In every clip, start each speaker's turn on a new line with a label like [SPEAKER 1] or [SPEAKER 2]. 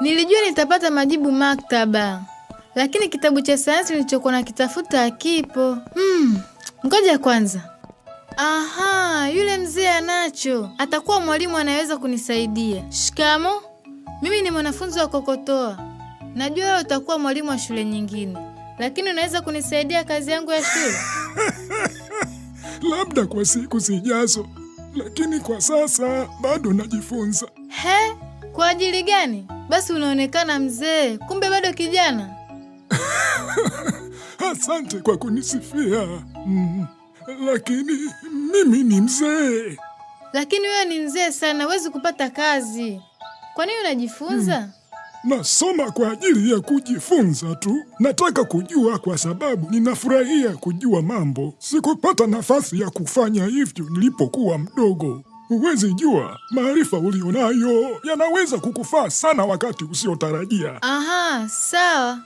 [SPEAKER 1] Nilijua nitapata majibu maktaba, lakini kitabu cha sayansi nilichokuwa nakitafuta hakipo. Hmm, ngoja kwanza. Aha, yule mzee anacho, atakuwa mwalimu anayeweza kunisaidia. Shikamo, mimi ni mwanafunzi wa kokotoa. Najua wewe utakuwa mwalimu wa shule nyingine, lakini unaweza kunisaidia kazi yangu ya shule?
[SPEAKER 2] Labda kwa siku zijazo, lakini kwa sasa bado najifunza.
[SPEAKER 1] He, kwa ajili gani? Basi unaonekana mzee, kumbe bado kijana.
[SPEAKER 2] Asante kwa kunisifia mm. Lakini mimi ni mzee.
[SPEAKER 1] Lakini wewe ni mzee sana, huwezi kupata kazi. Kwa nini unajifunza? mm.
[SPEAKER 2] Nasoma kwa ajili ya kujifunza tu. Nataka kujua kwa sababu ninafurahia kujua mambo. Sikupata nafasi ya kufanya hivyo nilipokuwa mdogo. Huwezi jua maarifa ulionayo yanaweza kukufaa sana wakati usiotarajia.
[SPEAKER 1] Aha, sawa.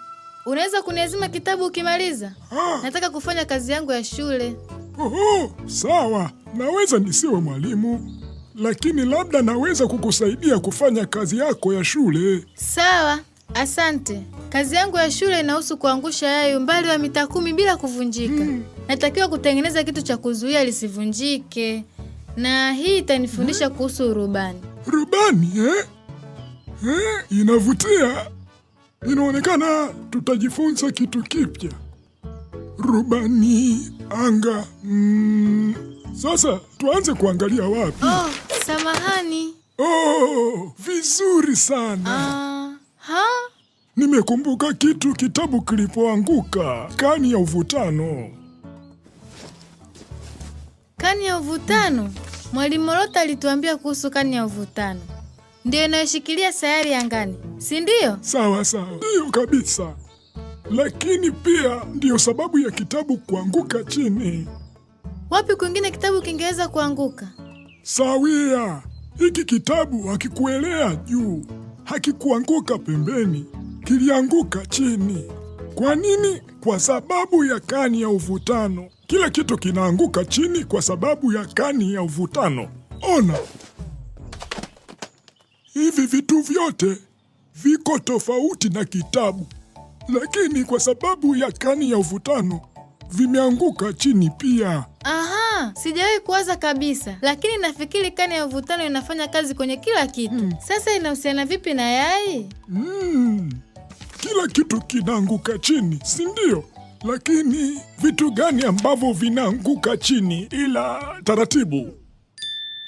[SPEAKER 1] Unaweza kuniazima kitabu ukimaliza? Ha. Nataka kufanya kazi yangu ya shule.
[SPEAKER 2] Oho, sawa. Naweza nisiwe mwalimu, lakini labda naweza kukusaidia kufanya kazi yako ya shule.
[SPEAKER 1] Sawa, asante. Kazi yangu ya shule inahusu kuangusha yai umbali wa mita kumi bila kuvunjika. Hmm. Natakiwa kutengeneza kitu cha kuzuia lisivunjike na hii itanifundisha hmm, kuhusu rubani.
[SPEAKER 2] Rubani eh? Eh, inavutia. Inaonekana tutajifunza kitu kipya. Rubani anga. Mm. Sasa tuanze kuangalia wapi?
[SPEAKER 1] Oh, samahani.
[SPEAKER 2] Oh, vizuri sana.
[SPEAKER 1] Uh, ha?
[SPEAKER 2] Nimekumbuka kitu kitabu kilipoanguka, kani ya uvutano.
[SPEAKER 1] Kani ya uvutano? Mwalimu morota alituambia kuhusu kani ya uvutano, ndiyo inayoshikilia sayari angani, si ndio?
[SPEAKER 2] Sawa sawa, ndiyo kabisa, lakini pia ndiyo sababu ya kitabu kuanguka chini.
[SPEAKER 1] Wapi kwingine kitabu kingeweza kuanguka?
[SPEAKER 2] Sawia, hiki kitabu hakikuelea juu, hakikuanguka pembeni, kilianguka chini. Kwa nini? Kwa sababu ya kani ya uvutano. Kila kitu kinaanguka chini kwa sababu ya kani ya uvutano. Ona, hivi vitu vyote viko tofauti na kitabu, lakini kwa sababu ya kani ya uvutano vimeanguka chini pia.
[SPEAKER 1] Aha, sijawahi kuwaza kabisa, lakini nafikiri kani ya uvutano inafanya kazi kwenye kila kitu hmm. Sasa inahusiana vipi na yai?
[SPEAKER 2] Hmm. Kila kitu kinaanguka chini, si ndio? lakini vitu gani ambavyo vinaanguka chini ila taratibu?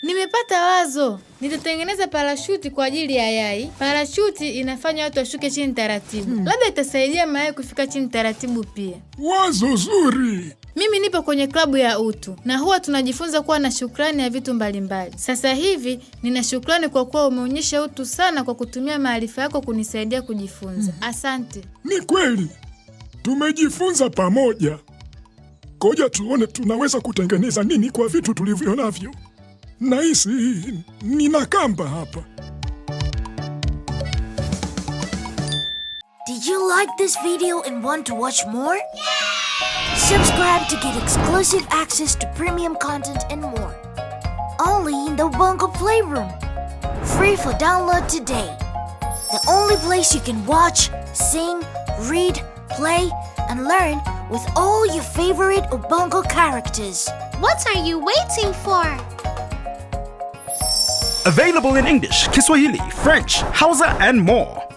[SPEAKER 1] Nimepata wazo, nitatengeneza parashuti kwa ajili ya yai. Parashuti inafanya watu washuke chini taratibu, hmm. Labda itasaidia mayai kufika chini taratibu pia.
[SPEAKER 2] Wazo zuri.
[SPEAKER 1] Mimi nipo kwenye klabu ya utu na huwa tunajifunza kuwa na shukrani ya vitu mbalimbali mbali. Sasa hivi nina shukrani kwa kuwa umeonyesha utu sana kwa kutumia maarifa yako kunisaidia kujifunza. Hmm. Asante.
[SPEAKER 2] Ni kweli Tumejifunza pamoja, koja tuone tunaweza kutengeneza nini kwa vitu tulivyo navyo. Nahisi nina kamba hapa. Did you like this video and want to watch more? Yeah! Subscribe to get exclusive access to premium content and more. Only in the Bongo Playroom. Free for download today. The only place you can watch, sing, read, play, and learn with all your favorite Ubongo characters. What are you waiting for? Available in English, Kiswahili, French, Hausa, and more.